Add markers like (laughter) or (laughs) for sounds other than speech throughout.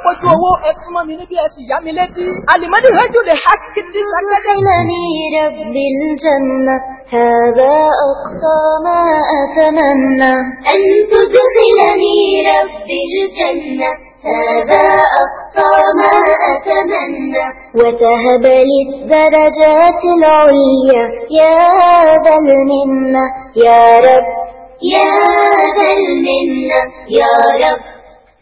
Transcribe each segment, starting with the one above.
رب الجنة هذا أقصى ما أتمنى أن تدخلني رب الجنة هذا أقصى ما أتمنى وتهب لي الدرجات العليا يا ذا المنة يا رب يا ذا المنة يا رب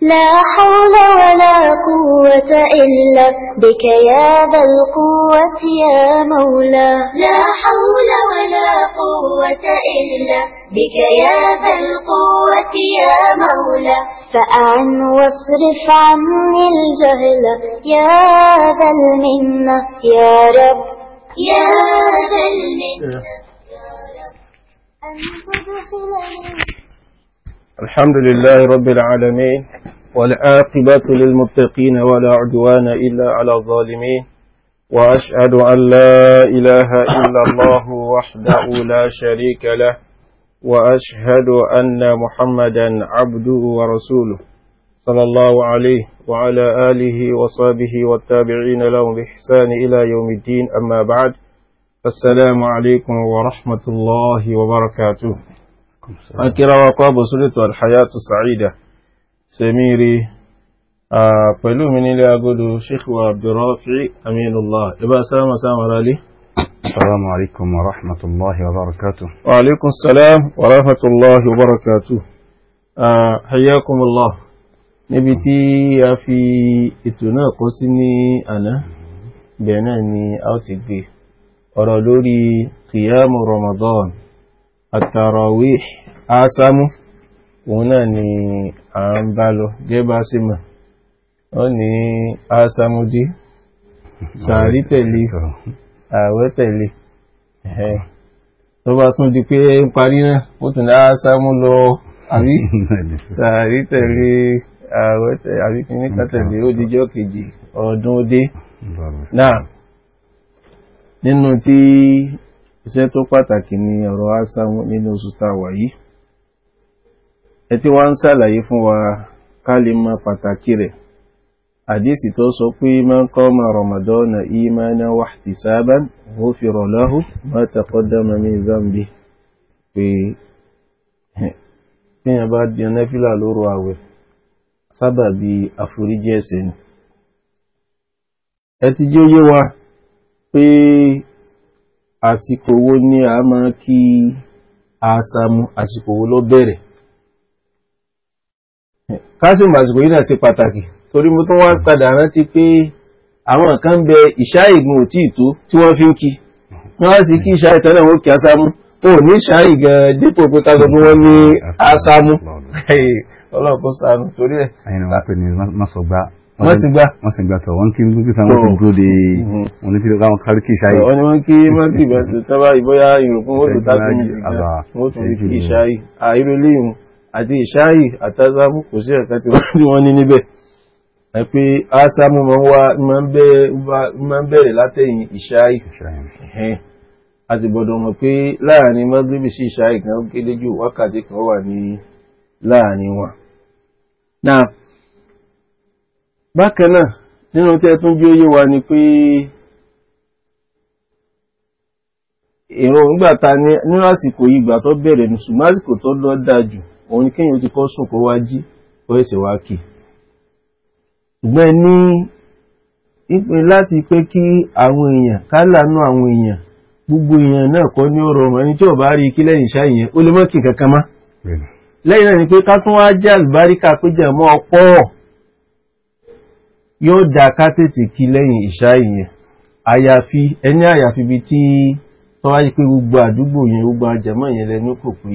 لا حول ولا قوة إلا بك يا ذا القوة يا مولا لا حول ولا قوة إلا بك يا ذا القوة يا مولا فأعن واصرف عني الجهل يا ذا المنة يا رب يا ذا المنة إيه. يا رب أن تدخلني الحمد لله رب العالمين والعاقبة للمتقين ولا عدوان إلا على الظالمين وأشهد أن لا إله إلا الله وحده لا شريك له وأشهد أن محمدا عبده ورسوله صلى الله عليه وعلى آله وصحبه والتابعين لهم بإحسان إلى يوم الدين أما بعد السلام عليكم ورحمة الله وبركاته an kira wa kwabo sulito alhayatu sa'ida semiri a pẹ̀lú mi nílé agodo shekwa abdurrafi aminullah ibá sáàmà sáàmà rálí السلام عليكم ورحمة الله وبركاته وعليكم السلام ورحمة الله وبركاته حياكم الله níbi tí a fi ètò náà kó sí ní àná àtàràwíh ásámú òun náà ni à ń bá lọ gẹ́bá sí mọ̀ ó ní ásámú dí sàárì tẹ̀lé ààwẹ̀ tẹ̀lé tó bá tún di pé ń parí náà ó tún ní ásámú lọ àbí sàárì tẹ̀lé ààwẹ̀ tẹ̀lé àbí kìnníkà tẹ̀lé ó dijọ́ kejì ọdún ó dé náà nínú tí iṣẹ́ tó pàtàkì ni ọ̀rọ̀ asá nínú oṣù tá wà yìí ẹ tí wá ń ṣàlàyé fún wa ká lè mọ pàtàkì rẹ̀ àdísì tó sọ pé man qama ramadana imanan wahtisaban ghufira lahu ma taqaddama min dhanbi pé téèyàn bá yan nẹ́fìlà lóru àwẹ̀ sábàbí àforíjì ẹ̀ṣẹ̀ ni ẹ ti jẹ́ yé wa pé àsìkò wo ni a máa kí àsàmù àsìkò wo ló bẹ̀rẹ̀ kásìmù àsìkò yìí náà ṣe pàtàkì torí mo tún wá padà rántí pé àwọn kan ń bẹ ìṣá ìgbìn ò tí ì tó tí wọ́n fi ń kí wọ́n á sì kí ìṣá ìtàn wọ́n kí àsàmù ò ní ìṣá ìgàn dípò pé ká sọ pé wọ́n ní àsàmù ọlọ́run kó torí ẹ̀. ẹyin ni wàá pè ní mọ́sọ̀gbá wọ́n sì gbà wọ́n sì gbà tọ̀ wọ́n kí nígbà tí wọ́n ti oh. dúró de mm-hmm. wọ́n ní kí wọ́n kárí kí ìṣáyé. wọ́n ní wọ́n kí mọ́tì bẹ́ẹ̀ tó bá ìbọ́yá ìrùkún wọ́n tó tásí mi wọ́n tó kí ìṣáyé àìrò léyìn àti ìṣáyé àtàzámù kò sí ẹ̀ka (laughs) tí wọ́n ní níbẹ̀. ẹ pé ásámù máa ń bẹ̀rẹ̀ látẹ̀yìn ìṣáyé a ti gbọ́dọ̀ mọ̀ pé láàrin mọ́gíríbì sí ìṣáyé kan kéde ju wákàtí kan wà ní láàrin wọn. náà bákan náà nínú tí ẹ tún jí ó yé wa ni pé èròǹgbà ta ní nínú àsìkò yìí ìgbà tó bẹ̀rẹ̀ ní àsìkò tó lọ dáa jù òun ni ti kọ́ sùn kó wá jí kó ẹsẹ̀ wá kì ṣùgbọ́n ẹ ní ìpín láti pé kí àwọn èèyàn ká lànú àwọn èèyàn gbogbo èèyàn náà kọ́ ní ọ̀rọ̀ ẹni tí ò bá rí kí lẹ́yìn iṣẹ́ yẹn ó lè mọ́ kí yóò da ká tètè kí lẹ́yìn ìṣá ìyẹn àyàfi ẹni àyàfi ibi gbogbo àdúgbò yẹn gbogbo àjẹmọ́ yẹn lẹ́nu kò pé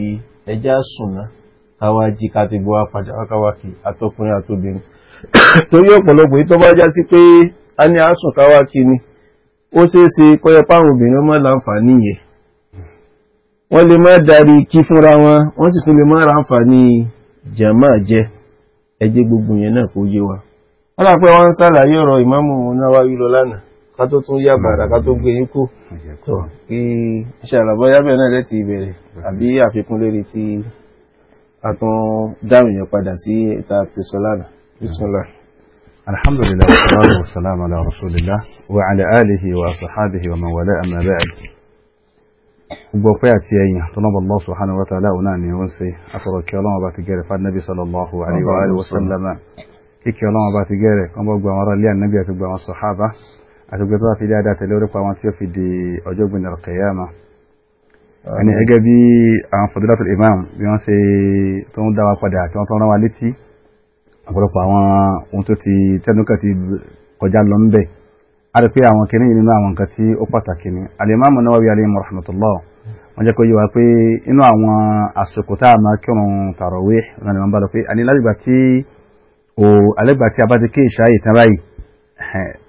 ẹja sùnà káwá jí ká ti gbọ́ apàdé káwákì àtọkùnrin àtobìnrin (coughs) torí ọ̀pọ̀lọpọ̀ yìí tó ni ó ṣeé ṣe páwọn obìnrin láǹfààní yẹn wọ́n lè má darí kí wọn wọ́n sì tún lè má gbogbo yẹn náà kó wọ́n dà pé wọ́n ń ṣàlàyé ọ̀rọ̀ ìmáàmù Nawawi lọ lánàá ká tó tún yá padà ká tó gbé yín kú tó kí ṣàlàbọ̀ yábẹ̀ náà lẹ́tì ìbẹ̀rẹ̀ àbí àfikún lérí tí a tún dáhùn yẹn padà sí ìta ti sọ lánàá bismillah. alhamdulillah wa salatu wa salam ala rasulillah wa ala alihi wa sahabihi wa man wala amma ba'd gbogbo pé àti ẹ̀yìn tọ́lọ́bọ̀ Allah subhanahu wa ta'ala òun ni wọ́n ṣe àtọ̀rọ̀ kí ọlọ́run kíkẹ́ ọlọ́wọ́n bá ti gẹ́rẹ̀ kọ́ bọ́ gba àwọn ará ilé ànábì àti gba àwọn sàhábà àti gbogbo àfi dáadáa tẹ̀lé orúkọ àwọn tí ó fi di ọjọ́ gbìn al-qiyama. ẹni gẹ́gẹ́ bí àwọn fadilatul imam bí wọ́n ṣe tó ń dá wa padà àti wọ́n tó ń rán wa létí ọ̀pọ̀lọpọ̀ àwọn ohun tó ti tẹnukẹ́ ti kọjá lọ ń bẹ̀ a rí pé àwọn kìnnì yìí nínú àwọn nǹkan tí ó pàtàkì ni al-imam Nawawi alayhi rahmatullah wọ́n jẹ́ kó yíwa pé inú àwọn àsìkò tá a máa kírun tarawih náà ni wọ́n bá lọ pé àní láti tí o alẹ́gbà tí a bá ti kí ìṣá yìí tán báyìí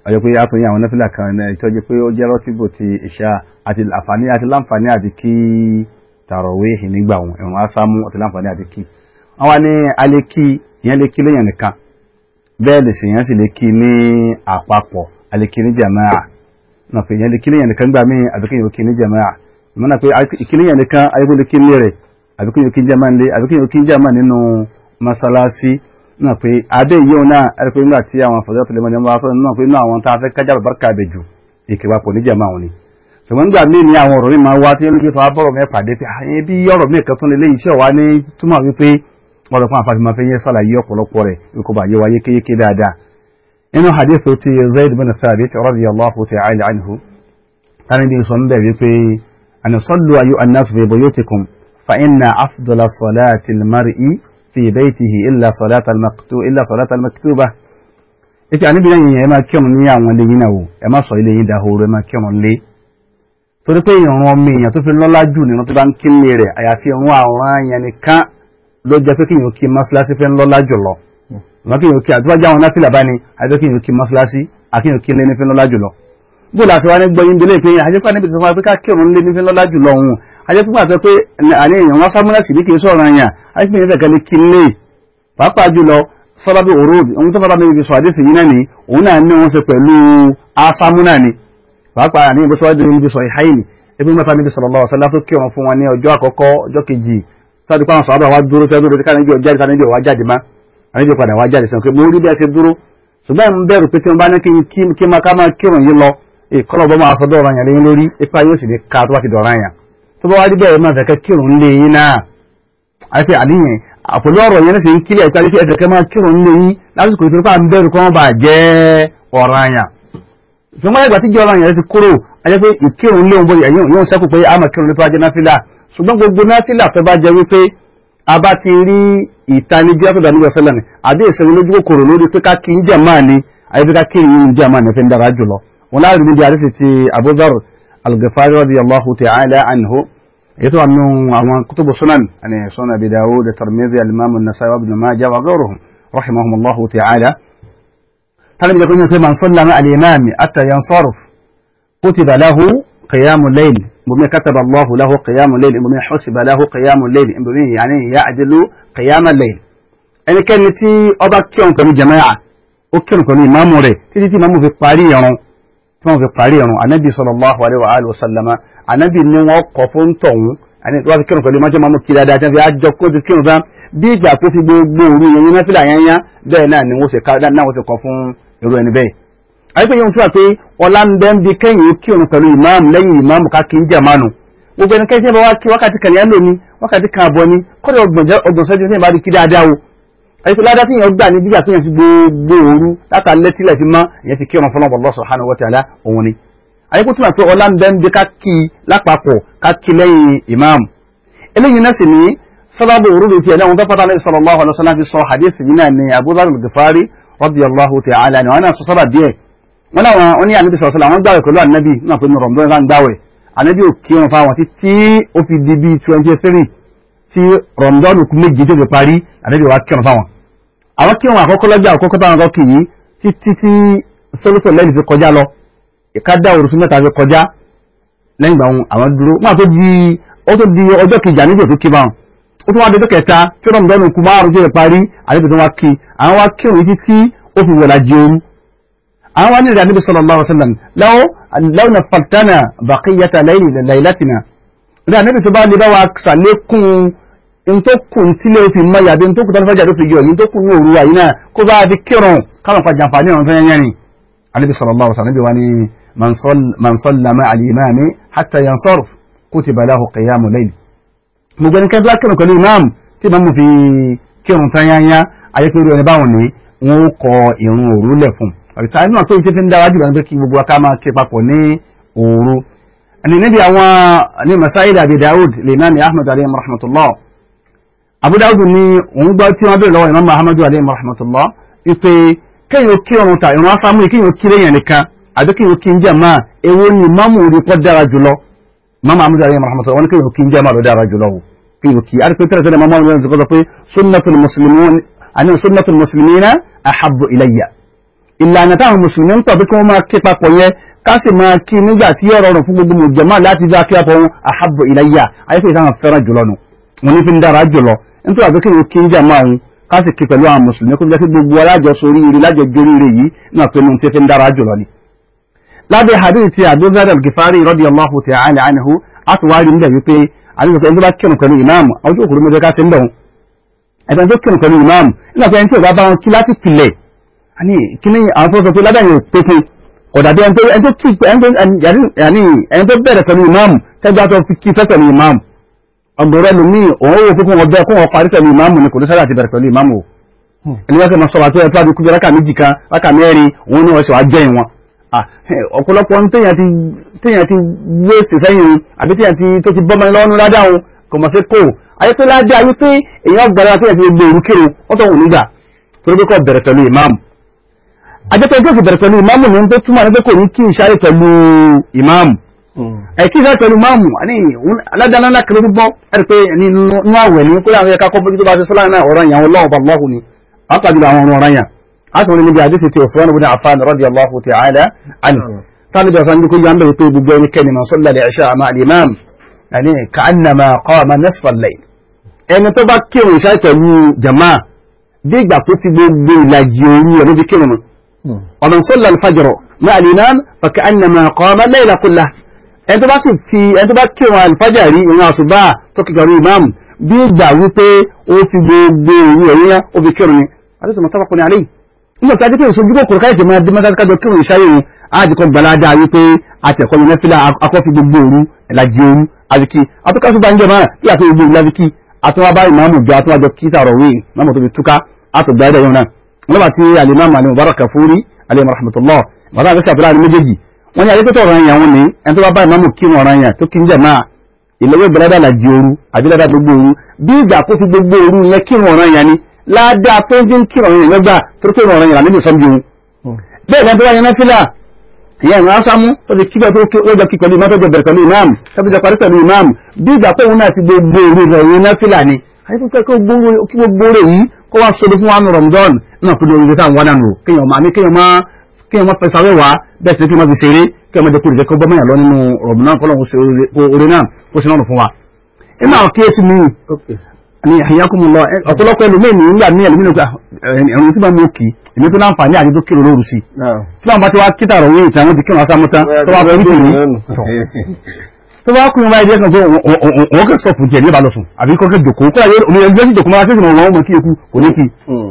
ọjọ́ pé a tún yí àwọn nọ́fìlà kan ìtọ́jú pé ó jẹ́ rọ́tìbò ti ìṣá àti àǹfààní àti láǹfààní àti kí tàrọ̀wéhì nígbà òun ẹ̀wọ̀n asámú àti láǹfààní àti kí wọ́n wá ní alẹ́ kí ìyẹn lè kí lèèyàn nìkan bẹ́ẹ̀ lè ṣèyàn sì lè kí ní àpapọ̀ alẹ́ kí ní jàmáà náà pé ìyẹn lè kí lèèyàn nìkan gbà mí àbíkẹ́yìn kí ní rẹ̀ náà pé adé yíò náà ẹ̀rí pé nígbà tí àwọn fọ̀dọ́ tẹ̀lé mọ́ni wá sọ́nà náà pé náà àwọn tá a fẹ́ kájà bàbárkà bẹ̀ jù ìkẹwà pọ̀ níjà máa wọn ni ṣùgbọ́n nígbà míì ni àwọn ọ̀rọ̀ mi máa wá tí olùkí sọ́wọ́ bọ̀rọ̀ mẹ́ pàdé pé àyè ah, bí ọ̀rọ̀ mi kan tún lè léyìí iṣẹ́ wa ní túmọ̀ wípé ọ̀rọ̀ fún àfàfin máa fẹ́ yẹ sàlàyé ọ̀pọ̀lọpọ̀ rẹ̀ wípé bá yé wa yékéyéké dáadáa inú hadith ti Zayd bin Thabit radiyallahu ta'ala anhu tani bí sọ ń bẹ̀ wípé an sallu ayyuhan nas fi buyutikum fa inna afdala salati al-mar'i في بيته إلا صلاة المكتوبة إلا صلاة المكتوبة ìpè àníbi lẹ́yìn ẹ máa kírun ní àwọn ilé yín náà o ẹ má sọ ilé yín dahoro ẹ máa kírun lé torí pé ìrun ọmọ èèyàn tó fi lọ́lá jù nínú tó bá ń kí lé rẹ̀ àyàfi ìrun àwòrán yẹn nìkan ló jẹ́ pé kíyàn kí mọ́ṣáláṣí fẹ́ ń lọ́lá jùlọ ìmọ̀ kíyàn kí àdúrájà wọn náfìlà bá ní àjọ kíyàn kí mọ́ṣáláṣí àkíyàn kí lé ní fẹ́ lọ́lá jùlọ gbọ́dọ̀ àti wa ní gbọ́yìn délé pé àjẹpá níbi tó fún wa pé ká kírun lé ní fẹ́ lọ́lá jùlọ òun ajẹ́púpọ̀ àti pé àní èèyàn wọ́n sámúlẹ̀ sí bí kì í sọ̀rọ̀ àyàn ajẹ́púpọ̀ ìyẹn fẹ̀kẹ́ ní kí pàápàá jùlọ sábàbí òróòdì ohun tó bàbá mi fi sọ àdéṣe yìí náà ni òun náà ní wọn ṣe pẹ̀lú asámúnà ni pàápàá àní ìbúṣọ́ ìdí mi fi sọ ìhá yìí ebi mẹ́ta níbi sọ̀rọ̀ lọ́wọ́ sọlá tó kí wọn fún wọn ní ọjọ́ àkọ́kọ́ ọjọ́ kejì sáàdùkú àwọn sọ̀rọ̀ wa dúró fẹ́ dúró káàní ìjọ jáde káàní ìjọ wá jáde má àní ìjọ padà wá jáde sàn pé mo rí bí a ṣe dúró ṣùgbọ́n ń bẹ̀rù pé tí wọ́n bá ní kí máa ká máa kírun yìí lọ ìkọlọ̀ bọ́ máa sọ dọ̀rọ̀ yẹn lórí ipa yóò sì ní ká tó bá ti dọ̀rọ̀ yẹn tó bá wá rí bẹ́ẹ̀ máa fẹ̀kẹ́ kírun lé yín náà àti àníyàn àpòlú ọ̀rọ̀ yẹn sì ń kílẹ̀ ẹ̀ka wípé ẹ̀fẹ̀kẹ́ máa kírun lé yín lásìkò ìfipá ń bẹ̀rù kọ́ bà jẹ́ ọ̀ranyàn ṣùgbọ́n ẹgbà tí jẹ́ ọ̀ranyàn ti kúrò ajẹ́ pé ìkírun lé òun bóyá yóò sẹ́kù pé a máa kírun lé tó bá jẹ́ náfìlà ṣùgbọ́n gbogbo náfìlà tó bá jẹ́ wípé a bá ti rí ìtanijú àtọ̀dọ̀ nígbà sẹ́lẹ̀ ni àbí ìṣẹ̀rí lójú kòkòrò lórí pé ká ń jẹ̀ máa ni àyè pé ká kí ń jẹ̀ máa ni fi ń dára jùlọ wọn láàrin níbi àdéṣe ti Abu Dharr al-Ghifari radiyallahu ta'ala anhu يطبع منه عن كتب السنن يعني سنن أبي داود الترمذي الإمام النسائي وابن ماجه وغيرهم رحمهم الله تعالى فلم في من صلى مع الإمام حتى ينصرف كتب له قيام الليل بما كتب الله له قيام الليل بما حسب له قيام الليل بما يعني يعدل قيام الليل ẹni kẹ́ni tí ọba kírun pẹ̀lú jẹ̀mẹ́yà ó تيجي pẹ̀lú ìmáàmù rẹ̀ títí tí ìmáàmù fi parí ìrun tí wọ́n fi parí ẹ̀rùn anábì sallallahu alaihi wa sallam anábì ní wọ́n kọ́ fún tọ̀hún àní wọ́n fi kírun pẹ̀lú mọ́jọ́ mọ́mú kiri dáadáa tí wọ́n fi àjọ kó ti kírun bá bí ìgbà tó fi gbogbo òru yẹn yẹn fìlà yẹn yá bẹ́ẹ̀ náà ni wọ́n ṣe náà wọ́n ṣe kọ́ fún irú ẹni bẹ́ẹ̀. àyíkpé yóò túwà pé ọlá ń bẹ́ ń bi kẹ́yìn kírun pẹ̀lú ìmáàmù lẹ́yìn ìmáàmù káàkiri ń jàmánu gbogbo ẹni kẹ́yìn tí wọ́n wá kí wákàtí kan àyíkú ládá tí yẹn gbà ní bíjà tí yẹn fi gbogbo òru látàlẹ́ tílẹ̀ fi mọ́ ìyẹn ti kí ọmọ fọlọ́bọ̀ Allah subhanahu wa ta'ala òun ni àyíkú túmọ̀ pé ọlá ń bẹ́ ń bí ká kí i lápapọ̀ ká kí lẹ́yìn imam eléyìí náà sì ní sábàbù òrùlù tí ẹlẹ́wọ̀n fẹ́ pátá lẹ́yìn sallallahu alaihi wasallam fi sọ hadith yìí náà ní Abu Dharr al-Ghifari radiyallahu ta'ala ni wọn náà sọ sábà díẹ̀ wọn làwọn wọn ní ànábì sallallahu wọn gbàwẹ̀ pẹ̀lú ànábì náà pé àwọn kírun àkọ́kọ́ lọ́jọ́ àkọ́kọ́ táwọn kan kì í títí tí sọ́lọ́sọ̀ lẹ́yìn fi kọjá lọ ìkádà òrùsùn mẹ́ta fi kọjá lẹ́yìn ìgbà àwọn dúró wọn àti di ó tó di ọjọ́ kejì àníjò tó kí bá wọn ó tún wá di ọjọ́ kẹta tí ọdún ọdún kù márùn jẹ́ parí àníjò tó wá kí àwọn wá kírun yìí títí ó fi wọ̀lá di ooru àwọn wá nílẹ̀ àníbi sallallahu alaihi wasallam lọ́wọ́ lọ́wọ́ fàtánà bàkíyàtà lẹ́yìn lẹ́yìn látìnà rẹ̀ àníbi tó bá lè bá wa sàlékún in tó kùn tí lè fi mọ́ yàbí in tó kùn tó fẹ́ jàdó fi yọ in tó kùn ní òru àyí náà kó bá fi kírun káwọn pa jàǹfààní ọ̀run fẹ́ yẹn ni. alẹ́bí sallallahu alaihi wasallam wa ni man sallama al-imami hatta yansorf kutiba lahu qiyamul layl. mo gbẹ́ni kẹ́ńtọ́ bá kírun pẹ̀lú imam tí màmú fi kírun tán yányá ayé pé irú ẹni báwọn ni wọn ó kọ ìrun òru lẹ̀ fún. ọ̀tá inú àtúntò ìṣẹ́fẹ́ ń dá wájú ìbànújẹ́ kí abúdáwùdù ni òun gbọ́ tí wọ́n bèèrè lọ́wọ́ ìmọ́mọ́ ahmadu alayhi rahmatullah ipe kéèyàn kí ọrùn ta ìrún asámú yìí kéèyàn kí lẹ́yìn nìkan àbí kéèyàn kí ń jẹ́ máa èwo ni mọ́mù rí pọ́ dára jùlọ mọ́mọ́ ahmadu alayhi rahmatullah wọn ni kéèyàn kí ń jẹ́ máa lọ dára jùlọ o kéèyàn kí a rí pé tẹ́lẹ̀ tẹ́lẹ̀ mọ́mọ́ mi lọ́nà tó pé sunnatul muslimin àní sunnatul muslimina ahabbu ilayya ìlànà táwọn mùsùlùmí ń tọ̀ bí kí wọ́n máa ké papọ̀ yẹn ká sì máa kí nígbà tí ọ̀rọ̀ rọ̀ fún gbogbo mùjẹ̀má láti dá kí apọ̀ wọn ahabbu ilayya ayé pé ìtàn fẹ́ràn jùlọ nù wọn ní fi ń dára jùlọ nítorí àgbẹ̀ kéwòn kí ń jà máa ń ká sì kí pẹ̀lú àwọn mùsùlùmí kó fi jẹ́ kí gbogbo alájọsọ oríire lájọjọ oríire yìí náà pé nínú tẹ́fẹ́ ń dára jùlọ ni. lábẹ́ hadith ti abdulzad al-gifari radiyallahu ta'ala anhu àtúwárí ń bẹ̀ wípé àdúgbò pé ẹni tó bá kírun pẹ̀lú ìmáàmù ọjọ́ òkúrú mẹ́jọ ká sí ń bẹ̀rù ẹ̀fẹ́ tó kírun pẹ̀lú ìmáàmù nígbà pé ẹni tí ò bá bá wọn tó bẹ̀rẹ̀ pẹ̀lú ìmáàmù tẹ́jú àtọ́ fi fẹ́ pẹ̀lú ìmáàmù ọgbọ̀rọ̀ lómi òun wò fún ọjọ́ kún ọ parí pẹ̀lú ìmáàmù ní kò ní sára ti bẹ̀rẹ̀ pẹ̀lú ìmáàmù hmm. ẹni wọ́n tẹ́ ma sọ́wọ́ tó ẹ̀ tó àbí kújọ rákà méjì kan rákà mẹ́rin òun ní ọ̀ṣẹ̀ wá jẹ́ ìwọ̀n ọ̀pọ̀lọpọ̀ téèyàn ti wé sí sẹ́yìn àbí téèyàn ti tó ti bọ́mọ lọ́nu ládàáhùn kò mọ̀ sí kò ayé tó ládàá yí pé èèyàn gbàdá téèyàn ti gbé òru kírun wọ́n tó wù nígbà ẹ̀kí fẹ́ pẹ̀lú máàmù ní aládàáńlá kiri gbọ́ ẹ̀rí pé nínú àwẹ̀ ní kó láwọn ẹ̀ka kọ́bọ́jú tó bá ṣe sọ́láìnà ọ̀rọ̀ ìyàwó lọ́wọ́ bá lọ́hùn ni àtàjùlọ àwọn ọmọ ọ̀rọ̀ yàn àtàwọn níbi àdísì tí òfin ọ̀nà Affan radiyallahu ta'ala anhu tàbí jọ sàn kó yàn bẹ̀rẹ̀ pé gbogbo ẹni kẹ́ni máa sọ́lá lè ṣe àmà al-imam ẹni ka annama qama nisfa al-layl ẹni tó bá kírun iṣẹ́ pẹ̀lú ẹni tó bá sì fi ẹni tó bá kírun alfajari ìrun àṣùbá tó kíkọrù ìmáàmù bí ìgbà wípé ó ti gbogbo ìrú ẹ̀yìn yá ó fi kírun ni àdúgbò mọ̀ sábà kò ní àlẹ́ yìí nígbà tí a ti pé ìṣojú kòkòrò káyọ̀ tí máa dé mọ́tà kájọ kírun ìṣáyè yìí á ti kọ́ gbalada wípé àtẹ̀kọ́ yìí nẹ́fìlà akọ́fi gbogbo òru ẹ̀làjì òru àbíkí àtúkásù bá ń jẹ́ máa bí àtúwò gbogbo àbíkí àtúwà bá ìmáàmù jọ àtúwà jọ kí tààrọ̀ wí ìmáàmù tó fi wọ́n ní adékòtò ọ̀ràn yẹn àwọn ni ẹni tó bá bá ìmáàmù kírun ọ̀ràn yẹn tó kí ń jẹ̀máà ìlọ́wọ́ ìgbàládà làjì ooru àbíládà gbogbo ooru bí ìgbà kó fi gbogbo ooru yẹn kírun ọ̀ràn yẹn ni ládàá tó ń dín kírun ọ̀ràn yẹn lọ́gbà tó kírun ọ̀ràn yẹn làmì nìsọ́n bí bẹ́ẹ̀ ni tó bá yẹn náfìlà ìyá ìrìn asámú tó ti kíbẹ̀ tó wọ́jọ kí pẹ̀lú ìmọ́tọ́jọ bẹ̀rẹ̀ pẹ̀lú imam tẹ́bíjọ parí imam bí ìgbà pé òun náà ti ni àyíkúkẹ́ kí gbogbo rẹ̀ yìí kó wá Ramadan náà kó lórí ibi táwọn wá náà kí ẹ mọ́ fẹsẹ̀ awẹ́wà bẹ́ẹ̀ sì ni kí ẹ mọ́ fi ṣeré kí ẹ mọ́ jẹ́ kó ìjẹ́kọ́ bọ́ mẹ́yàn lọ nínú ọ̀rọ̀ náà kọ́lọ́hún ṣe oore náà kó ṣe náà fún wa. iná kíyèsí mi ni àyàkùnmù lọ ọ̀pọ̀lọpọ̀ ẹlòmíì ní ìgbà ní ẹlòmíì nípa ẹ̀rùn tí bá mú kì èmi tó láǹfààní àti tó kírò lóru sí tí wọn bá ti wá títà rọ̀ wíyìn tí àwọn ti kírun asámú tán tó wá pẹ̀lú tèmi tó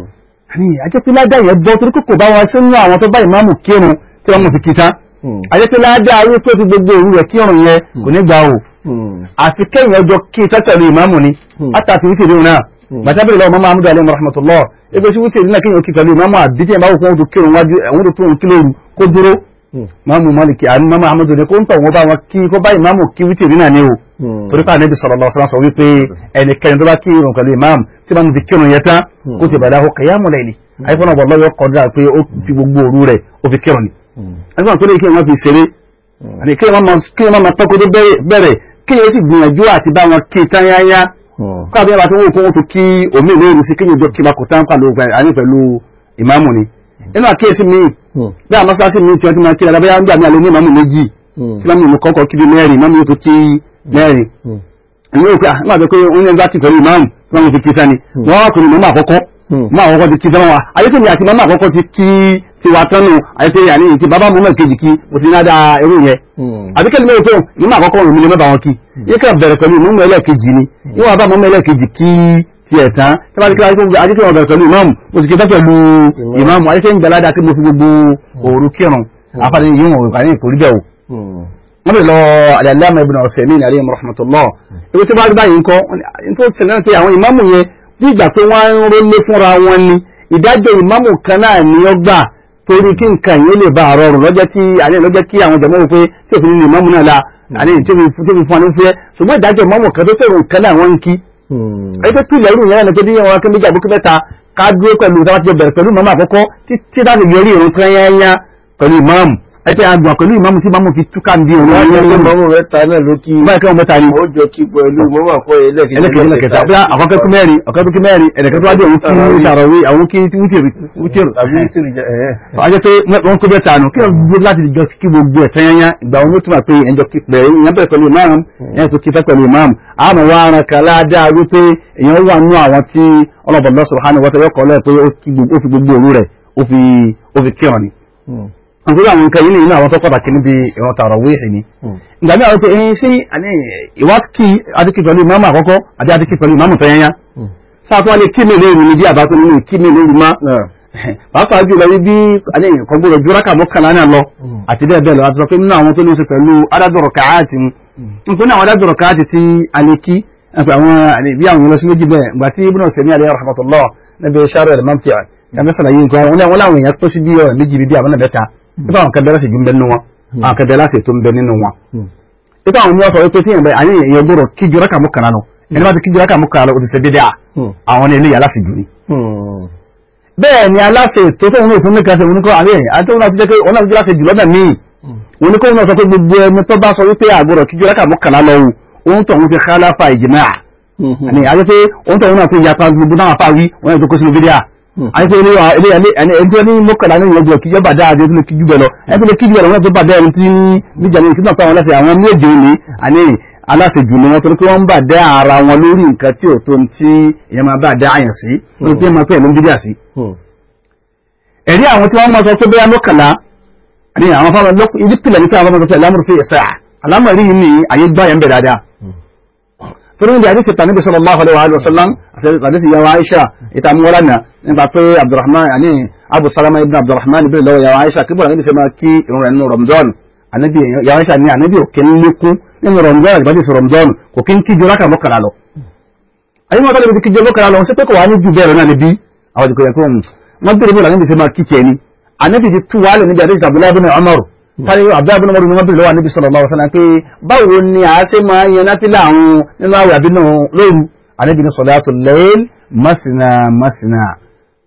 ní ajẹ́pí ládá yẹn bọ́ torí kòkò bá wọn sínú àwọn tó bá ìmáàmù kírun tí wọ́n mú fi kìtá hmm. ajẹ́pí ládá ayé tó fi gbogbo òru rẹ̀ kírun yẹn kò ní gbà o hmm. àti kẹ́yìn ọjọ́ kí tẹ́tẹ̀lú ìmáàmù ni hmm. látàfi wíṣẹ̀ lóhun náà bàtàbẹ̀rẹ̀ lọ́wọ́ mọ́mọ́ amúdọ̀ alẹ́ rahmatullah ẹgbẹ́ sí wíṣẹ̀ nílẹ̀ kẹ́yìn òkè pẹ̀lú ìmáàmù àbíjẹ́ ìbáwò fún ọdún kírun wájú àwọn tó kó ni kó ń tọ̀ wọ́n bá wọn kí kó bá ìmáàmù kí wíṣẹ̀ nínà ni o torí pé ànẹ́bí sallallahu alaihi ẹnikẹ́ni tó bá kí irun pẹ̀lú ìmáàmù tí máa ń zikí ọ̀nà yẹn tán hmm. kó ti bàdá hmm. ọkọ̀ yá mọ̀lẹ́ ni àyífọ́n náà bọ̀lọ́wọ́ kọjá pé ó fi gbogbo òru rẹ̀ ó fi kírun ni. Hmm. àyífọ́n tó lè kí wọ́n fi ṣeré àti kí wọ́n máa tọ́kọ́ tó bẹ̀rẹ̀ kí wọ́n sì gbìyànjú àti bá wọn kí tán yáyá káàbí ẹ̀rọ àti owó kó wọ́n tó kí omi ìlú sí kí yóò kí ma kò tán pàlú àní pẹ̀lú ìmáàmù ni. inú mi bí àwọn mi ti wọ́n ti máa kí alábẹ́yà ń gbà ní alẹ́ ní ìmáàmù méjì tí máàmù mi kọ́kọ́ ìwé òkè ah, nígbà tó pé oúnjẹ ń bá ti pẹ̀lú ìmáàmù tí wọ́n fi kí sẹ́ni hmm. wọ́n wá pẹ̀lú mọ́mọ́ àkọ́kọ́ hmm. mọ́mọ́ àkọ́kọ́ ti kí sẹ́wọ́n wa ayétèmi àti mọ́mọ́ àkọ́kọ́ ti kí tiwa tánu ayétèmi àní ti bàbá mọ́mọ́ kejì kí mo ti náà da irú yẹn àbíkẹ́lì mẹ́rin tó mọ́mọ́ àkọ́kọ́ òun mi lè mẹ́ba wọn kí hmm. yẹ ká bẹ̀rẹ̀ pẹ̀lú mọ́mọ́ ẹlẹ́ẹ̀kejì ni yóò wá bá mọ́mọ́ ẹlẹ́ẹ̀kejì kí ti ẹ̀ tán tí wọ́n ti kí wọ́n bẹ̀rẹ̀ pẹ̀lú ìmáàmù mo sì kí tán pẹ̀lú ìmáàmù ayétèmi gbẹ̀ládà kí mo fi gbogbo òru kírun àfàdé yìí wọ́n lè lọ àdàlámà ibùdó ọ̀sẹ̀ mí ìnàlẹ́ ìmọ̀rànmọ̀tòlọ́ ebi tó bá rí báyìí nǹkan tó ti náà pé àwọn ìmáàmù yẹn bí ìgbà pé wọ́n ń rólé fúnra wọn ni ìdájọ́ ìmáàmù kan náà ni ó gbà torí kí nǹkan yìí ó lè bá àrọ̀rùn lọ́jọ́ tí àní lọ́jọ́ kí àwọn jọmọ́ wò pé tí òfin ní ìmáàmù náà la àní tí ó fi fún wọn fẹ́ ṣùgbọ́n ìdájọ́ ìmáàmù kan tó fẹ́ràn nǹkan náà wọ́n ń kí hmm. ẹgbẹ́ tí ilẹ̀ ìrù yẹn lọ́jọ́ bí wọn kí méjì mẹ́ta ká dúró pẹ̀lú táwọn ti pẹ̀lú ìmáàmù àkọ́kọ́ títí láti yọrí ìrùn kan yányá pẹ̀lú ìmáàmù ẹ̀tẹ́ àgbà pẹ̀lú ìmọ̀mù tí mọ̀mù fi túkà ní orí ọ̀rọ̀ ẹ̀yẹ́ mọ̀mù mẹ́ta náà ló kí báyìí kí wọ́n mẹ́ta ni ó jọ kí pẹ̀lú mọ̀mù àkọ́ ẹlẹ́kẹ̀ẹ́ lẹ́kẹ̀ẹ́ta bí àkọ́kẹ́kú mẹ́rin ọ̀kẹ́kú mẹ́rin ẹ̀lẹ́kẹ́ tó wájú òun kí ìṣàrọ̀wé àwọn kí tí wútìrì wútìrì ajẹ́ pé wọ́n kó mẹ́ta nù kí wọ́n gbé láti jọ kí gbogbo ẹ̀ tẹ́yẹnyá ìgbà wọn ló túmọ̀ pé ẹ̀jọ kí pẹ̀ èèyàn bẹ̀rẹ̀ pẹ̀lú imam ẹ̀yàn tó kí fẹ́ pẹ̀lú imam àmọ́ wa ara kan láadáa wípé èèyàn wà nú àwọn tí ọlọ́bọ̀lọ́sọ̀rọ̀ hánà wọ́tẹ̀ yọkọ̀ lẹ́ẹ̀ pé ó fi gbogbo òru rẹ̀ ó fi kí ọ̀nì nítorí àwọn nǹkan yìí nínú àwọn tó pàtàkì níbi ìran tàràwíhì ni hmm. ìgbà mí àwọn pé ẹyin sí ìwádìí adíkì pẹ̀lú ìmáàmù àkọ́kọ́ àbí adíkì pẹ̀lú ìmáàmù tó yẹnyá sáàtúwá hmm. lè kí mi lóru ni bí àbá tó nínú kí mi lóru má hmm. (laughs) pàápàá jùlọ bí bí nǹkan gbọdọ̀ ju rákà mọ́kànlá náà lọ àti bẹ́ẹ̀ bẹ́ẹ̀ lọ àti sọ pé nínú àwọn tó ní ṣe pẹ̀lú adádọ̀rọ̀ káàtì nítorí àwọn adádọ̀rọ̀ káàtì ti aleki àwọn bí àwọn ìlọsí méjì bẹ́ẹ̀ ìgbà tí ibùdó sẹ́mi àlẹ́ rahmatullah níbi sáré rẹ̀ máa ń fi àmì sàlàyé nǹkan wọn láwọn èèyàn tó ipa àwọn kẹbẹrẹ sì ju ń bẹ nínú wọn hmm. àwọn kẹbẹrẹ láti tó ń bẹ nínú wọn hmm. ipa àwọn oníwàsọ wípé tí yẹn bẹ àní èèyàn gbọ́dọ̀ kíjú rákà mú kànáà nù ẹni bá ti kíjú rákà mú kànáà lọ o ti ṣe dédé à hmm. àwọn ní eléyà aláṣẹ jù ni. bẹ́ẹ̀ ni aláṣẹ tó tóun náà fún mi kan ṣe òun ní kọ́ àbẹ́yìn àti òun náà ti jẹ́ pé òun náà ti jẹ́ aláṣẹ jù lọ́dọ̀ míì òun ní kó òun náà sọ pé gbogbo ẹni tó bá sọ wípé àgbọ̀dọ̀ kíjú rákà mú kànáà lọ òun tó òun fi khalafa ìjìmá àní àti pé òun tó òun náà ti yapa gbogbo àyẹ̀fẹ́ hmm. ní ẹjọ́ ní mọ́kànlá ní ìwọ̀n kí yọba dáa dé tó lè kíjú bẹ̀ lọ ẹgbẹ́ lè kíjú bẹ̀ lọ wọ́n tó bà dá ẹni tí níjà ní ìkíkà pàwọn aláṣẹ àwọn méje ní àní aláṣejù ni wọ́n torí pé wọ́n bà dá ara wọn lórí nǹkan tí ò tó ti èèyàn máa bà dá àyàn sí lórí hmm. pé máa pẹ́ ló ń dídí àsí. Hmm. ẹ̀rí àwọn tí wọ́n máa sọ tó bẹ́yà mọ́kànlá ní àwọn fáwọn ilé pìlẹ̀ ní pé àwọn fáwọn sọ torí níbi àdísì tàníbi sallallahu alaihi wa sallam àdísì yàwó Aisha ìtàmúwọ́lánà nípa pé Abdurrahman àní Abu Salama ibn Abdurrahman ibn lọ́wọ́ yàwó Aisha kí bọ́lá níbi sẹ́mà kí irun rẹ̀ nínú Ramadan ànábì yàwó Aisha ní ànábì òkè lékún nínú Ramadan àti bàdísì Ramadan kò kí ń kí ju rákà mọ́kànlá lọ. àyè mọ́tò níbi kí ju mọ́kànlá lọ sí pé kò wá ní ju bẹ́ẹ̀ náà níbí àwọn ìdìkọ̀ yẹn kúrò mọ́ tani abdullahi bin umaru mọ́bìnrin lọ́wọ́ níbi sọ̀rọ̀ lọ́wọ́ sọ́nà pé báwo ni a ṣe máa ń yan náfìlà àrùn nínú àwẹ̀ àbínú lóru àníbìnrin salatul layl masina masina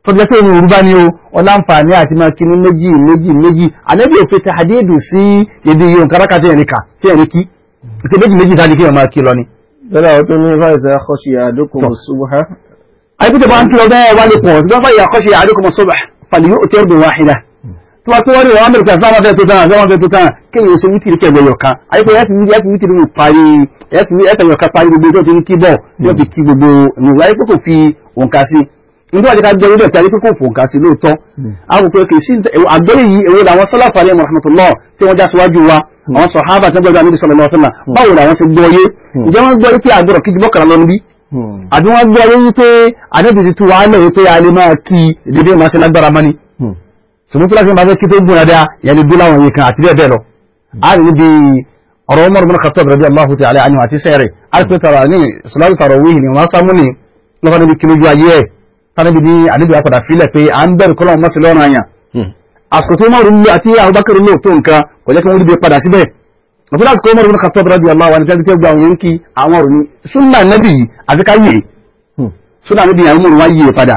tó jẹ́ pé òun bá ní o ọláǹfààní àti máa kí ní méjì méjì méjì àníbi òfin ti hadidu sí èdè yìí nǹkan rákà tí ẹ̀ríkà tí ẹ̀ríkí ìpè méjì méjì sáà ní kí wọ́n máa kí lọ ni. bẹ́ẹ̀ àwọn tó ní fàìsà àkọ́ṣe àdókòmọ̀ ṣubúhá. àyíkú tó bá ń tún ọ bẹ́ẹ̀ wá lè pọ̀ tó bá fàìsà àkọ́ṣe àdókòmọ̀ ṣubúhá fàlìyó òtẹ́rù tí wọ́n tí wọ́n rí ọ̀rọ̀ amẹ́ríkà sáwọn fẹ́ tó dáhà sáwọn fẹ́ tó dáhà kí èyí ṣe wítìrí kẹgbẹ́ yọ̀kan àyíkò ẹ̀fì wítìrí wò parí ẹ̀fì ẹ̀fẹ̀yọ̀kan parí gbogbo tó ti ń kí bọ̀ ní ọ̀fi kí gbogbo nìyí láyé pé kò fi òǹkà sí nígbà tí ká gbọ́ orí ẹ̀fẹ̀ pé kò fò òǹkà sí lóòótọ́ àwòkọ́ hmm. kì í sí àgbẹ̀rẹ̀ yìí èwo làwọn sọ́láfà alẹ́ mọ̀rànmọ́tòlọ́ tí wọ́n já síwájú wa hmm. àwọn sọ̀hábà tí wọ́n gbọ́dọ̀ àmì sọ̀rọ̀ lọ́sọ̀nà báwo làwọn ṣe gbọ́ yé hmm. ǹjẹ́ àbí wọ́n gbọ́ yé wípé àdébìtì tí wàá lẹ̀ wípé a lè máa kí ìdílé máa ṣe lágbára mọ́ni ṣùgbọ́n tó láti máa fẹ́ kí tó gbìyànjú dáa yẹn ni dúró láwọn yìí kan àti bẹ́ẹ̀ bẹ́ẹ̀ lọ a rí níbi ọ̀rọ̀ Umar bin Khattab radiyallahu ta'ala anhu àti sẹ́rẹ̀ a rí pé tara ní sọláàlú tarawih ni wọ́n sámú ni lọ́kọ́ níbi kí lójú ayé ẹ̀ tánibi ní àdébì apàdà fílẹ̀ pé à ń bẹ̀rù kọ́ lọ́wọ́ mọ́sí lọ́rùn àyàn hmm. àsìkò tó mọ̀ rúmi àti Abubakar lò tó nǹkan kò jẹ́ kí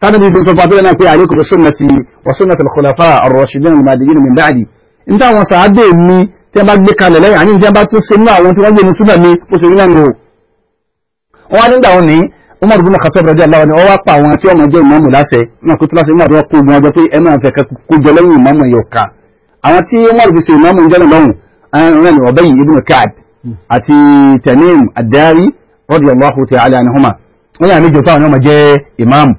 tánàbí fi sọ fàbílẹ̀ náà pé àríkù fi sunnati wa sunnati al-khulafa ar-rashidin al-mahdiyyin min ba'di ní táwọn sàádé mi tí a bá gbé kalẹ̀ lẹ́yìn àní ìjọba tún ṣe nínú àwọn tí wọ́n gbé ní súnà mi bó ṣe rí náà nù. wọ́n á nígbà wọn ní Umar bin Khattab radiyallahu anhu wọ́n wá pa àwọn tí ọmọ jẹ́ ìmọ̀mù láṣẹ náà kó tó láṣẹ nígbà tí wọ́n kó ogun ọjọ́ pé ẹ máa fẹ́ kó jọ lẹ́yìn ìmọ̀mù ẹ̀yọ̀ ká àwọn tí Umar fi ṣe ìmọ̀mù jẹ́ lọ́hùn ẹ̀rọ ni Ubayy ibn Ka'b àti Tamim ad-Dari radiyallahu ta'ala anhuma wọ́n yà méjì fáwọn ọmọ jẹ́ ìmọ̀mù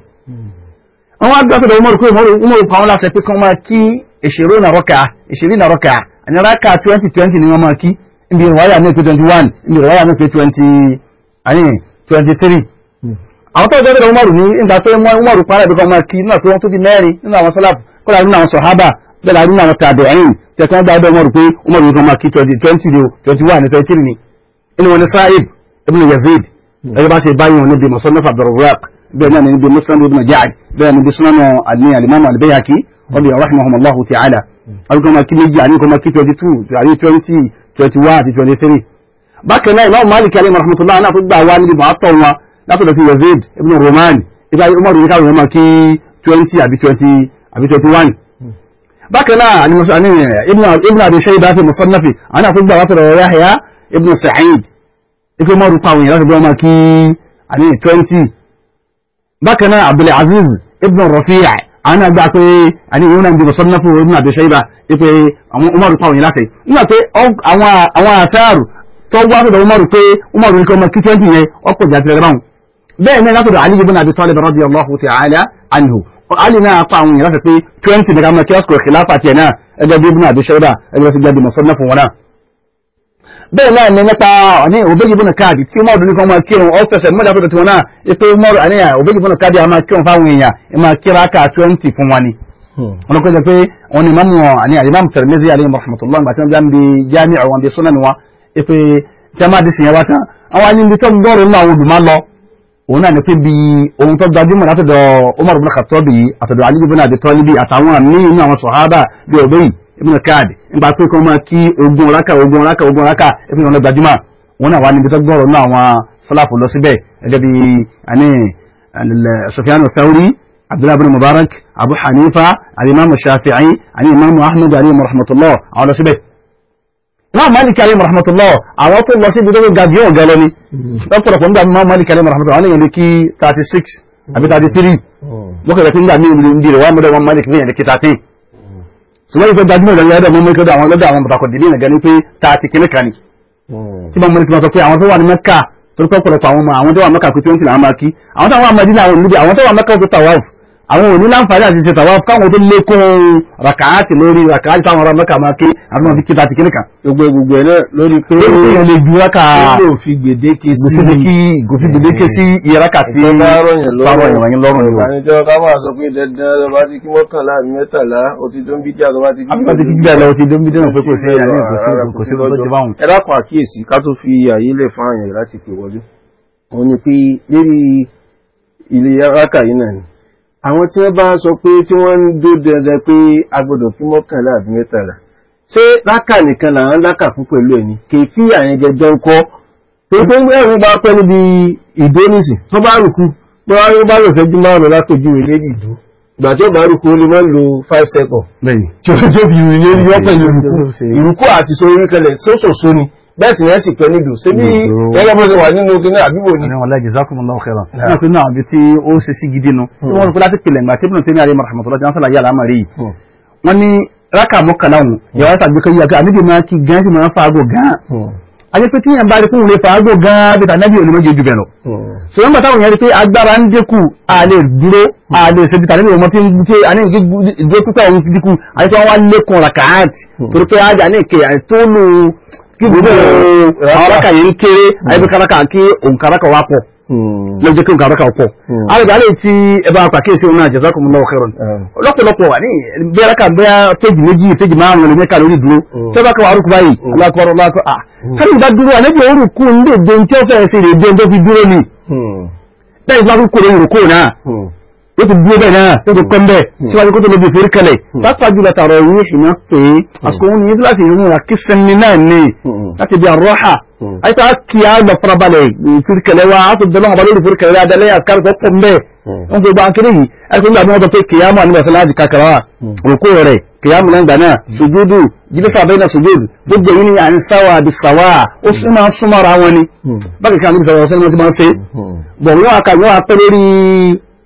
wọ́n wá gbọ́sọ̀dọ̀ umaru pé umaru pa wọ́n láṣẹ pé kí wọ́n máa kí ìṣèrò ìnàrọ́kà ìṣèrò ìnàrọ́kà àníràkà twenty twenty ni wọ́n máa kí ibi ìrọ̀wáyà ní pé twenty one ibi ìrọ̀wáyà ní pé twenty twenty three àwọn tó ń gbọ́dọ̀ umaru ní ìgbà tó umaru pa alábìkan máa kí nígbà pé wọ́n tó fi mẹ́rin nínú àwọn sọ́láàpù kọ́lá nínú àwọn sọ̀hábà bẹ́ẹ̀ nínú àwọn tàbí ẹ̀yìn tẹ̀ kí wọ́n gba ọdọ̀ umaru pé umaru nìkan máa kí twenty twenty ni twenty one ni twenty ni inú wọn ni sa'ib ibn yazid ẹgbẹ́ bá ṣe báyìí wọn níbi musannaf abdulrazaq bẹ́ẹ̀ náà níbi muslim ibn jaad bẹ́ẹ̀ níbi sunanu alimi alimami albayaki ọbẹ̀ rahimahumullahu ta'ala alukọ́ ma kí méjì àníkọ́ ma kí twenty two àní twenty twenty one àti twenty three bákan náà imam malik alayhi rahmatullah náà tó gbà wá níbi mọ́tọ́ wọn látọ̀dọ̀ fi yazid ibn roman ibà umar yìí káwọn ma kí twenty àbí twenty àbí twenty one bákan náà ni eh, ibn abi shayba fi musannafi àwọn náà tó gbà wá sọ̀rọ̀ yahya ibn sa'id ikú mọ́rù pàwọn yẹn láti bí wọ́n ma kí àní twenty bákan náà abdulaziz ibn rafi'a àwọn àgbà pé àní ìwé náà ń dìbò sọ́nà fún ibn abi shayba pé àwọn umaru pa òyìn láti nígbà pé àwọn àṣàrù tó wá sọ́dọ̀ umaru pé umaru ní kí ọmọ kí twenty yẹn ọ̀pọ̀ jà tẹ̀lé báwọn bẹ́ẹ̀ náà látọ̀dọ̀ ali ibn abi talib radiyallahu ta'ala anhu ali náà pa àwọn èèyàn láti pé twenty nígbà mọ́ kí ọ̀sùkò khilafa tiẹ̀ náà ẹgbẹ́ ibn abi shayba ẹgbẹ́ sí bẹ́ẹ̀ náà ni nípa ní òbẹ́gì bọ́nà káàdì tí mọ́ọ̀dún ní kan máa kírun ọ́ tẹ̀sẹ̀ mọ́dà bọ́dà tí wọ́n náà ipé mọ́ọ̀dún àníyàn òbẹ́gì bọ́nà káàdì a máa kírun fáwọn èèyàn ẹ máa kíra ká twenty fún wọn ni. Hmm. wọn kò jẹ pé wọn ni mamu àní alimam Tirmidhi alayhi rahmatullah gbàtí wọn bí jami àwọn bí sunan wa ipe jamadi sìn yẹn wá tán àwọn anyi ibi tó ń nínú àwọn olùmọ̀ lọ òun náà ni pé bí ohun tó gbajúmọ̀ látọ̀dọ̀ Umar ibn Khattab àtọ̀dọ̀ Ali ibn Abi Talib àtàwọn míì nínú àwọn sọ̀hábà bí òbẹ́yì ibùdó káàdì nígbà pé kí wọ́n máa kí ogun raka ogun raka ogun raka ebi wọn lọ gbajúmọ̀ wọn náà wà níbi tó gbọ́rọ̀ náà àwọn sọ́láfù lọ síbẹ̀ gẹ́gẹ́ bí àní Sufyan Thawri Abdullah bin Mubarak Abu Hanifa alimami Shafi'i àní imaamu Ahmad alayhi rahmatullah àwọn lọ síbẹ̀ imaamu Malik alayhi rahmatullah àwọn tó lọ síbi tó ga bíọ́ ọ̀gá lọ́ni lọ́pọ̀lọpọ̀ nígbà imaamu Malik alayhi rahmatullah àwọn èèyàn kí 36 àbí 33 mọ́kànlá pé nígbà míì ń bí rẹ̀ wá mọ́dọ̀ wọn Malik ní èèyàn kí 13 ṣùgbọ́n ìfẹ́ gbajúmọ̀ ìlànà ẹ̀dọ̀ mọ́mọ́ ìkọ́dọ̀ àwọn lọ́dọ̀ àwọn bàbàkọ̀ dìbí nìkan ní pé ta ti kíní kan ni hmm. tí mọ́mọ́ ìkọ́dọ̀ sọ pé àwọn tó wà ní mẹ́kà torí pọ́pọ̀lọpọ̀ àwọn ọmọ àwọn tó wà mẹ́kà pé twenty làwọn máa kí àwọn tó wà mẹ́dínà àwọn olùdíje àwọn tó wà mẹ́kà tó tàwáfù àwọn òní láǹfààní àti ṣe tàwa káwọn tó lékún ràkàátì lórí ràkàátì táwọn ará mẹ́ka máa ké àwọn náà fi kíta ti kíníkà. gbogbo gbogbo ẹ̀ náà lórí pé ó lè lè ju rákà ó fi gbèdéke sí i kò fi gbèdéke sí iye rákà tí fáwọn èèyàn yín lọ́rùn yìí. àníjọ́ ká máa sọ pé dandan lọ́ba ti kí mọ́kànlá àbí mẹ́tàlá ó ti dún bídí àlọ́ba ti kí. àbíkà ti kí bídí àlọ́ ti dún bídí náà pé kò sí ẹ̀yàn kò sí lọ́jọ́ báwọn. ẹ dákun àkíyèsí ká tó fi àyè lẹ̀ fún àyàn láti pè wọlé òun ni pé lérí ilé rákà yìí náà ni àwọn tí wọ́n bá ń sọ pé tí wọ́n ń dó dandan pé a gbọ́dọ̀ kí mọ́kànlá àbí mẹ́tàlá ṣé lákà nìkan làwọn lákà fún pẹ̀lú ẹni kèéfì àyẹn jẹjọ ń kọ́ pé pé ẹ̀rù bá pẹ́ níbi ìdónísì tó bá rùkú tó bá bá lọ sẹ́jú márùn-ún lápèjú rẹ̀ lébi ìdó ìgbà tí ó bá rúkú ó lè máa lo 5 seconds tí ó jóbi ìrìnlẹ́ yọ́ pẹ̀lú ìrúkú àti sórí kẹlẹ̀ sóṣòṣó ni bẹ́ẹ̀sì yẹn sì pẹ́ nídùú ṣé bí gẹ́gẹ́ bó ṣe wà nínú kí ní àbíbò ni. ọ̀rẹ́ wọn láì jẹ́sà kúmọ̀ náà xẹ́ràn nínú tí ó ṣe sí gidi nu wọ́n rò pé láti pèlè ìgbà tí ibùdó tẹ́lẹ̀ àríyá mọ̀ràmọ̀tò lọ́jà sọ̀rọ̀ yàrá àmàrí yìí wọ́n ní rákà mọ́kànlá òun yàrá tàbí kọ́ yàgbé àbíbí máa kí gan sì máa faago gan ajẹ́ pé tíyàn bá rí fún ilé faago gan bí tànàbí òní méje jù bẹ̀ lọ ṣe wọ́n bàtà òyìnbó pé agbára ń dínkù àlè dúró àlè ṣe bí tànàbí òní ti ń gbé àní ìgbé pípẹ́ òun ti dínkù àti wọ́n wá lékun rakaat torí pé ajá ní ìkẹyà tó lò kí gbogbo àwọn rákà yìí ń kéré àyẹ̀bẹ̀káraka hmm. kí òǹkáraka wá pọ̀ hmm. ló jẹ́ kí òǹkáraka pọ̀ alẹ́gbẹ̀ hmm. alẹ́ tí ẹbá pàkíyèsí òun náà jazakumullahu khairan lọ́pọ̀lọpọ̀ wà ní bí rákà bẹ́ẹ̀ péjì méjì péjì márùn ún mẹ́ka lórí ah, dúró tó bá kọwàá rúkú báyìí alákọ̀ọ́rọ̀ alákọ̀ọ́ à kárí dúró ni bẹ́ẹ̀ bá rúkú lórí ó ti dúró bẹ́ẹ̀ náà tó kọ́ bẹ́ẹ̀ hmm. síwájú kó tó lóbi ìforí kalẹ̀ hmm. pápá jùlọ tààrọ̀ ìwé ìṣìná pé àsìkò òun yìí láti ìrún ìrà kí sẹ́ni náà ní hmm. láti bí àrọ́hà àyíká kí á lọ farabalẹ̀ ìforí kalẹ̀ wa á tó bẹ́ẹ̀ lọ́wọ́ lórí ìforí kalẹ̀ adalẹ́ àkàrà tó pọ̀ bẹ́ẹ̀ wọ́n fi gba akéré yìí ẹ̀kọ́ nígbà tí wọ́n sọ pé kìyàmù àníbàṣẹ́ láti kàkàrà wa rògbò rẹ̀ kìyàmù náà gbà náà sùjúdù jíbísà bẹ́ẹ̀ náà sùjúdù gbogbo yìí ni à ń sáwà àbí sàwà ó súnmọ́ súnmọ́ ara wọn ni bákan kí àwọn ìbísà wọn sẹ́ni wọn ti máa ń ṣe bọ̀ wọ́n àkàwé wọn lórí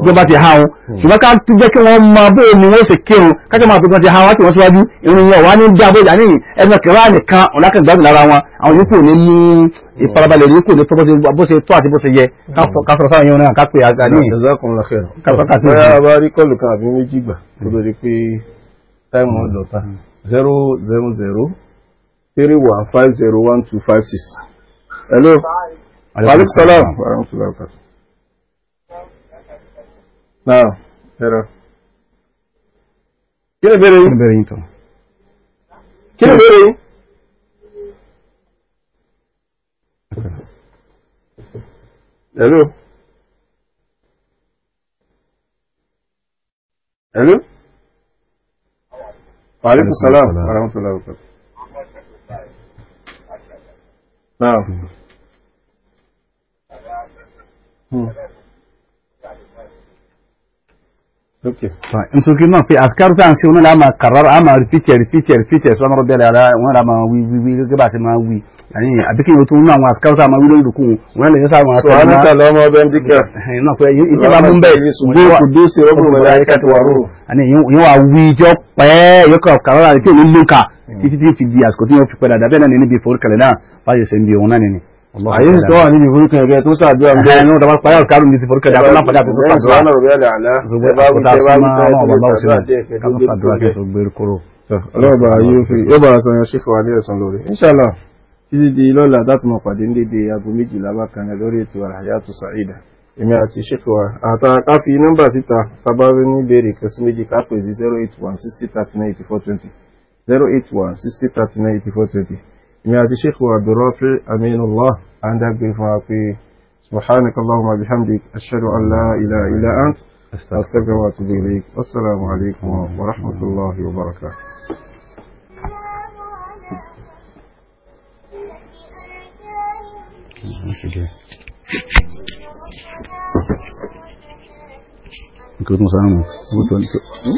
ìjọba ti ha wọn hmm. ṣùgbọ́n ká ti jẹ́ kí wọ́n mọ bóyá ni wọ́n ṣe kírun kájọ́ máa gbogbo ti ha wọn kí wọ́n síwájú ìrìn yẹn wà ní dá bóyá ní ẹgbẹ́ kẹrẹ́ nìkan ọ̀làkẹ́gbẹ́gbẹ́ lára wọn àwọn yòókù ní ní ìfarabalẹ̀ yòókù ní tọ́kọ́ bó ṣe tó àti bó ṣe yẹ ká sọ̀rọ̀ sáwọn yẹn náà ká pè àgbà ní. zero zero zero three one five zero one two five six. hello. aleykum salaam. Não, era. Queria ver aí. Queria ver aí, então. Queria ver aí. Alô? Alô? Alaikum salam. Warahmatullahi wabarakatuh. Não. Hum. ntutu náà pé àfikàrù tá à ń ṣe wọn náà máa kàrọ̀rọ̀ á máa rìpítì rìpítì rìpítì ẹ̀sọ́ ọmọdé bẹ́ẹ̀ lára wọn náà máa wí wí wí gẹ́gẹ́ bá ṣe máa wí yàní àbíkí yóò tún náà àwọn àfikàrù tá à máa wí lórí ìdókòwò wọn lè yẹ sáà wọn àti ọmọ náà tẹ̀lé ọmọ bẹ́ẹ̀ dìkẹ́ náà pé ìjọba bá mú bẹ́ẹ̀ ṣùgbọ́n kò dé ṣe ọgbọ̀n mẹ́ta ayíkàtì wà rúrù. yóò wá wí jọ pẹ́ yóò kọ̀ kàrọ̀rọ̀ àti kí àyè sì tọ́wà níbi ìforúkọ ẹgbẹ́ tó ṣàdúrà ń bẹ́ẹ̀ náà dábàá parí àkàrùn ní ti forúkọ dàbí lápàdà tó ṣàdúrà ṣùgbọ́n ìfọ̀tà sí máa náà bàbá òṣèlú ká tó ṣàdúrà kí tó gbé kúrò. ọlọ́ọ̀bà yóò fi yóò bá aṣọ yan ṣíkọ̀ alẹ́ ẹ̀sán lórí. inṣàlá títí di lọ́la láti mọ̀ pàdé ní dédé aago méjìlá bákan lórí ètò àyàtò sàìdà èmi àti ṣèkọ̀wá àtàkà fi nọ́mbà síta tábàrí ní ìbéèrè kan sí méjì ká pè sí zero eight one sixty thirty nine eighty four twenty zero eight one sixty thirty nine eighty four twenty نياتي شيخ عبد الرافع أمين الله عندك أبقى في سبحانك اللهم بحمدك أشهد أن لا إله إلا أنت أستغفرك وأتوب إليك والسلام عليكم ورحمة الله وبركاته Good morning. Good morning.